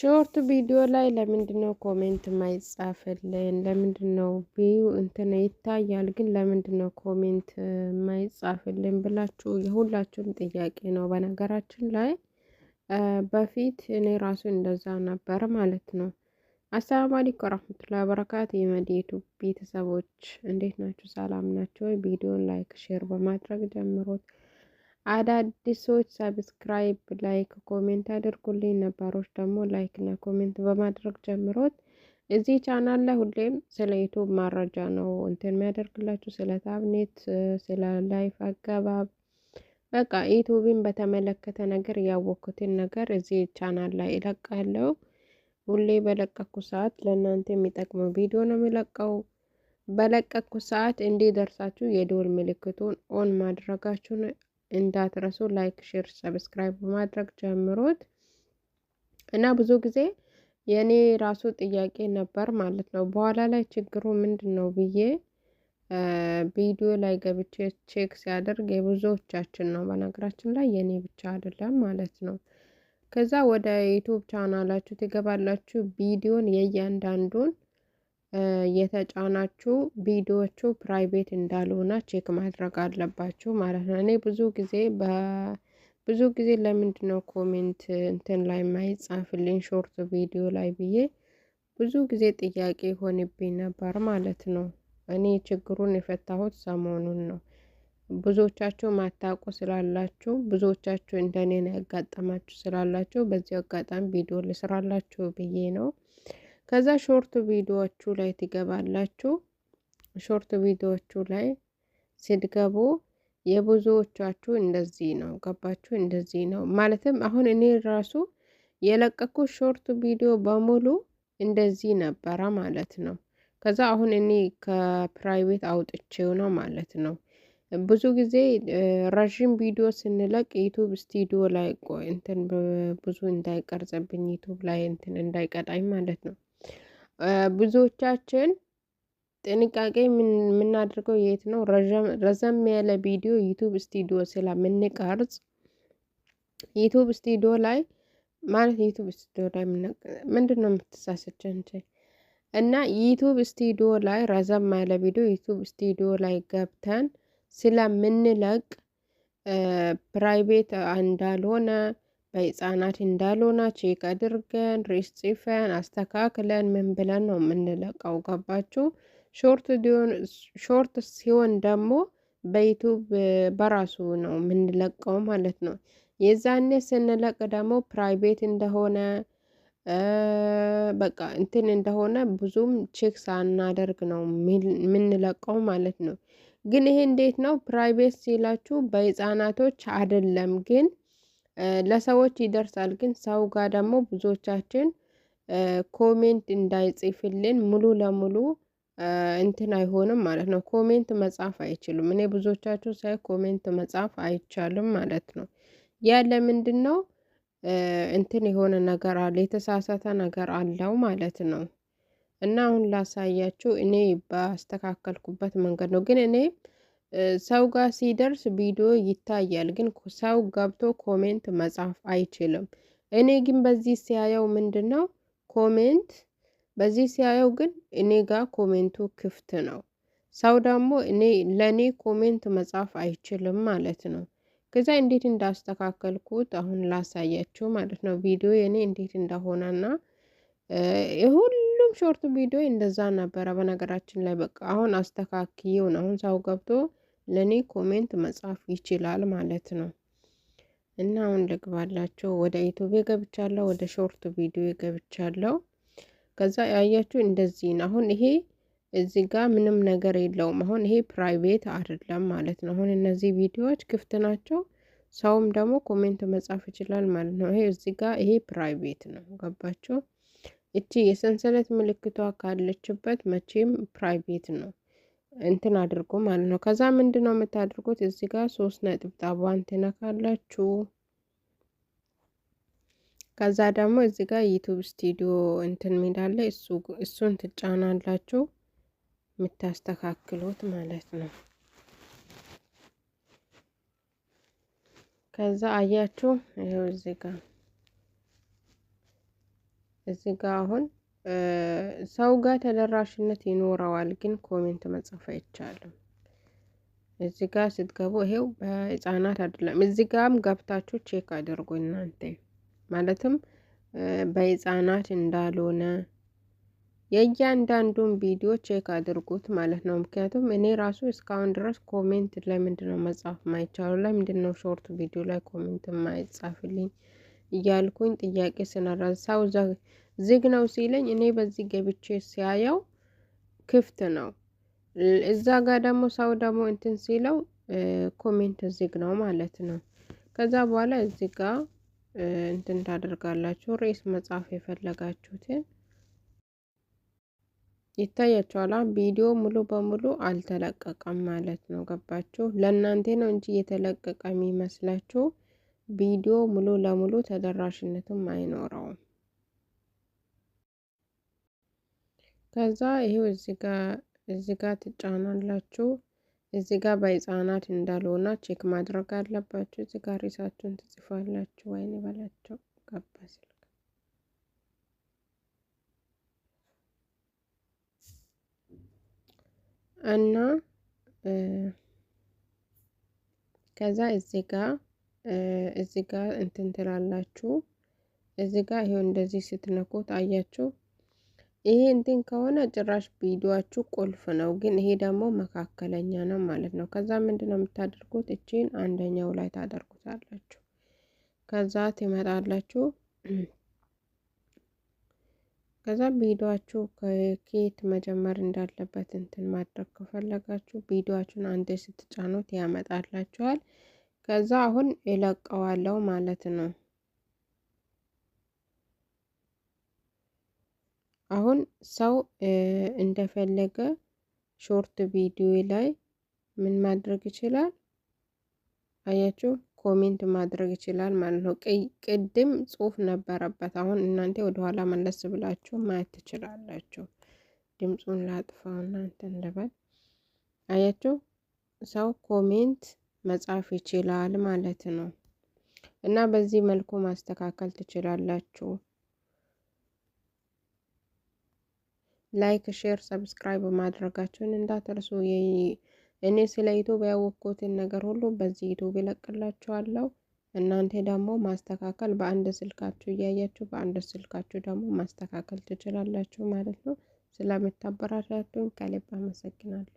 ሾርት ቪዲዮ ላይ ለምንድነው ኮሜንት ማይጻፍልን? ለምንድነው ቪው እንትን ይታያል፣ ግን ለምንድነው ኮሜንት ማይጻፍልን ብላችሁ የሁላችሁም ጥያቄ ነው። በነገራችን ላይ በፊት እኔ ራሱ እንደዛ ነበር ማለት ነው። አሰላሙ አለይኩም ወራህመቱላሂ ወበረካቱ። የመዲቱ ቤተሰቦች እንዴት ናችሁ? ሰላም ናችሁ? ቪዲዮን ላይክ ሼር በማድረግ ጀምሮት አዳዲሶች ሰብስክራይብ፣ ላይክ፣ ኮሜንት አድርጉልኝ ነባሮች ደግሞ ላይክ እና ኮሜንት በማድረግ ጀምሮት። እዚህ ቻናል ላይ ሁሌም ስለ ዩቱብ ማረጃ ነው እንትን የሚያደርግላችሁ ስለ ታብኔት፣ ስለ ላይፍ አገባብ፣ በቃ ዩቱብን በተመለከተ ነገር ያወኩትን ነገር እዚህ ቻናል ላይ እለቃለሁ። ሁሌ በለቀኩ ሰዓት ለእናንተ የሚጠቅመው ቪዲዮ ነው የሚለቀው። በለቀኩ ሰዓት እንዲደርሳችሁ የደወል ምልክቱን ኦን ማድረጋችሁን እንዳትረሱ ላይክ፣ ሼር፣ ሰብስክራይብ በማድረግ ጀምሩት እና ብዙ ጊዜ የእኔ ራሱ ጥያቄ ነበር ማለት ነው። በኋላ ላይ ችግሩ ምንድን ነው ብዬ ቪዲዮ ላይ ገብቼ ቼክ ሲያደርግ የብዙዎቻችን ነው። በነገራችን ላይ የእኔ ብቻ አይደለም ማለት ነው። ከዛ ወደ ዩቱብ ቻናላችሁ ትገባላችሁ። ቪዲዮን የእያንዳንዱን የተጫናችሁ ቪዲዮዎቹ ፕራይቬት እንዳልሆነ ቼክ ማድረግ አለባችሁ ማለት ነው። እኔ ብዙ ጊዜ ብዙ ጊዜ ለምንድን ነው ኮሜንት እንትን ላይ ማይጻፍልኝ ሾርት ቪዲዮ ላይ ብዬ ብዙ ጊዜ ጥያቄ ሆንብኝ ነበር ማለት ነው። እኔ ችግሩን የፈታሁት ሰሞኑን ነው። ብዙዎቻችሁ ማታውቁ ስላላችሁ ብዙዎቻችሁ እንደኔ ነው ያጋጠማችሁ ስላላችሁ በዚህ አጋጣሚ ቪዲዮ ልስራላችሁ ብዬ ነው። ከዛ ሾርት ቪዲዮዎቹ ላይ ትገባላችሁ። ሾርት ቪዲዮዎቹ ላይ ስትገቡ የብዙዎቻችሁ እንደዚህ ነው። ገባችሁ? እንደዚህ ነው ማለትም አሁን እኔ ራሱ የለቀኩት ሾርት ቪዲዮ በሙሉ እንደዚህ ነበረ ማለት ነው። ከዛ አሁን እኔ ከፕራይቬት አውጥቼው ነው ማለት ነው። ብዙ ጊዜ ረዥም ቪዲዮ ስንለቅ ዩቱብ ስቱዲዮ ላይ እንትን ብዙ እንዳይቀርጽብኝ ዩቱብ ላይ እንትን እንዳይቀጣኝ ማለት ነው። ብዙዎቻችን ጥንቃቄ የምናደርገው የት ነው? ረዘም ያለ ቪዲዮ ዩቱብ ስቱዲዮ ስለምንቀርጽ ዩቱብ ስቱዲዮ ላይ ማለት ዩቱብ ስቱዲዮ ላይ ምንድን ነው የምትሳሰችን እና ዩቱብ ስቱዲዮ ላይ ረዘም ያለ ቪዲዮ ዩቱብ ስቱዲዮ ላይ ገብተን ስለምንለቅ ፕራይቬት እንዳልሆነ በህፃናት እንዳልሆና ቼክ አድርገን ሬስ ጽፈን አስተካክለን ምን ብለን ነው የምንለቀው? ገባችሁ? ሾርት ሲሆን ደግሞ በዩቱብ በራሱ ነው የምንለቀው ማለት ነው። የዛኔ ስንለቅ ደግሞ ፕራይቬት እንደሆነ በቃ እንትን እንደሆነ ብዙም ቼክ ሳናደርግ ነው የምንለቀው ማለት ነው። ግን ይሄ እንዴት ነው? ፕራይቬት ሲላችሁ በህፃናቶች አይደለም ግን ለሰዎች ይደርሳል። ግን ሰው ጋር ደግሞ ብዙዎቻችን ኮሜንት እንዳይጽፍልን ሙሉ ለሙሉ እንትን አይሆንም ማለት ነው። ኮሜንት መጻፍ አይችሉም። እኔ ብዙዎቻችሁ ሳይ ኮሜንት መጻፍ አይቻልም ማለት ነው። ያ ለምንድን ነው? እንትን የሆነ ነገር አለ የተሳሳተ ነገር አለው ማለት ነው። እና አሁን ላሳያችሁ እኔ ባስተካከልኩበት መንገድ ነው ግን እኔ ሰው ጋር ሲደርስ ቪዲዮ ይታያል፣ ግን ሰው ገብቶ ኮሜንት መጻፍ አይችልም። እኔ ግን በዚህ ሲያየው ምንድን ነው ኮሜንት በዚህ ሲያየው ግን እኔ ጋር ኮሜንቱ ክፍት ነው። ሰው ደግሞ እኔ ለእኔ ኮሜንት መጻፍ አይችልም ማለት ነው። ከዛ እንዴት እንዳስተካከልኩት አሁን ላሳያችሁ ማለት ነው። ቪዲዮ የኔ እንዴት እንደሆነና ሁሉም ሾርት ቪዲዮ እንደዛ ነበረ። በነገራችን ላይ በቃ አሁን አስተካክየውን አሁን ሰው ገብቶ ለእኔ ኮሜንት መጻፍ ይችላል ማለት ነው። እና አሁን ልግባላቸው ወደ ዩቱብ ገብቻለሁ። ወደ ሾርት ቪዲዮ ገብቻለሁ። ከዛ ያያችሁ እንደዚህ ነው። አሁን ይሄ እዚህ ጋር ምንም ነገር የለውም። አሁን ይሄ ፕራይቬት አይደለም ማለት ነው። አሁን እነዚህ ቪዲዮዎች ክፍት ናቸው። ሰውም ደግሞ ኮሜንት መጻፍ ይችላል ማለት ነው። ይሄ እዚህ ጋር ይሄ ፕራይቬት ነው። ገባችሁ? እቺ የሰንሰለት ምልክቷ ካለችበት መቼም ፕራይቬት ነው። እንትን አድርጎ ማለት ነው። ከዛ ምንድን ነው የምታደርጉት? እዚህ ጋር ሶስት ነጥብጣቧን ትነካላችሁ። ከዛ ደግሞ እዚህ ጋር ዩቱብ ስቱዲዮ እንትን ሚላለ እሱን ትጫናላችሁ የምታስተካክሉት ማለት ነው። ከዛ አያችሁ ይኸው እዚህ ጋር እዚህ ጋር አሁን ሰው ጋር ተደራሽነት ይኖረዋል፣ ግን ኮሜንት መጻፍ አይቻልም። እዚህ ጋር ስትገቡ ይሄው በህፃናት አይደለም። እዚህ ጋርም ገብታችሁ ቼክ አድርጉ እናንተ ማለትም በህፃናት እንዳልሆነ የእያንዳንዱን ቪዲዮ ቼክ አድርጉት ማለት ነው። ምክንያቱም እኔ ራሱ እስካሁን ድረስ ኮሜንት ለምንድን መጻፍ ማይቻሉ? ለምንድን ሾርት ቪዲዮ ላይ ኮሜንት ማይጻፍልኝ እያልኩኝ ጥያቄ ስነራ ሰው ዝግ ነው ሲለኝ እኔ በዚህ ገብቼ ሲያየው ክፍት ነው። እዛ ጋር ደግሞ ሰው ደግሞ እንትን ሲለው ኮሜንት ዝግ ነው ማለት ነው። ከዛ በኋላ እዚህ ጋር እንትን ታደርጋላችሁ። ርዕስ መጽሐፍ የፈለጋችሁትን ይታያችኋል። ቪዲዮ ሙሉ በሙሉ አልተለቀቀም ማለት ነው። ገባችሁ? ለእናንተ ነው እንጂ የተለቀቀ የሚመስላችሁ ቪዲዮ ሙሉ ለሙሉ ተደራሽነትም አይኖረውም። ከዛ ይሄው እዚህ ጋር እዚህ ጋር ትጫናላችሁ። እዚህ ጋር በህፃናት እንዳልሆነ ቼክ ማድረግ አለባችሁ። እዚህ ጋር ሬሳችሁን ትጽፋላችሁ። ወይን በላቸው ቀባስ እና ከዛ እዚህ ጋር እዚህ ጋር እንትን ትላላችሁ። እዚህ ጋር ይሄው እንደዚህ ስትነኩት አያችሁ ይሄ እንትን ከሆነ ጭራሽ ቪዲዮችሁ ቁልፍ ነው፣ ግን ይሄ ደግሞ መካከለኛ ነው ማለት ነው። ከዛ ምንድነው የምታደርጉት? እችን አንደኛው ላይ ታደርጉታላችሁ። ከዛ ትመጣላችሁ። ከዛ ቪዲዮችሁ ከኬት መጀመር እንዳለበት እንትን ማድረግ ከፈለጋችሁ ቪዲዮችሁን አንዴ ስትጫኑት ያመጣላችኋል። ከዛ አሁን ይለቀዋለው ማለት ነው። አሁን ሰው እንደፈለገ ሾርት ቪዲዮ ላይ ምን ማድረግ ይችላል? አያችሁ ኮሜንት ማድረግ ይችላል ማለት ነው። ቅድም ጽሁፍ ነበረበት። አሁን እናንተ ወደኋላ መለስ ብላችሁ ማየት ትችላላችሁ። ድምፁን ላጥፋው እናንተ እንደበል አያችሁ ሰው ኮሜንት መጻፍ ይችላል ማለት ነው። እና በዚህ መልኩ ማስተካከል ትችላላችሁ። ላይክ፣ ሼር፣ ሰብስክራይብ ማድረጋችሁን እንዳትርሱ። እኔ ስለ ዩቱብ ያወቅኩትን ነገር ሁሉ በዚህ ዩቱብ ይለቅላችኋለሁ። እናንተ ደግሞ ማስተካከል በአንድ ስልካችሁ እያያችሁ በአንድ ስልካችሁ ደግሞ ማስተካከል ትችላላችሁ ማለት ነው። ስለምታበራታቱኝ ከልብ አመሰግናለሁ።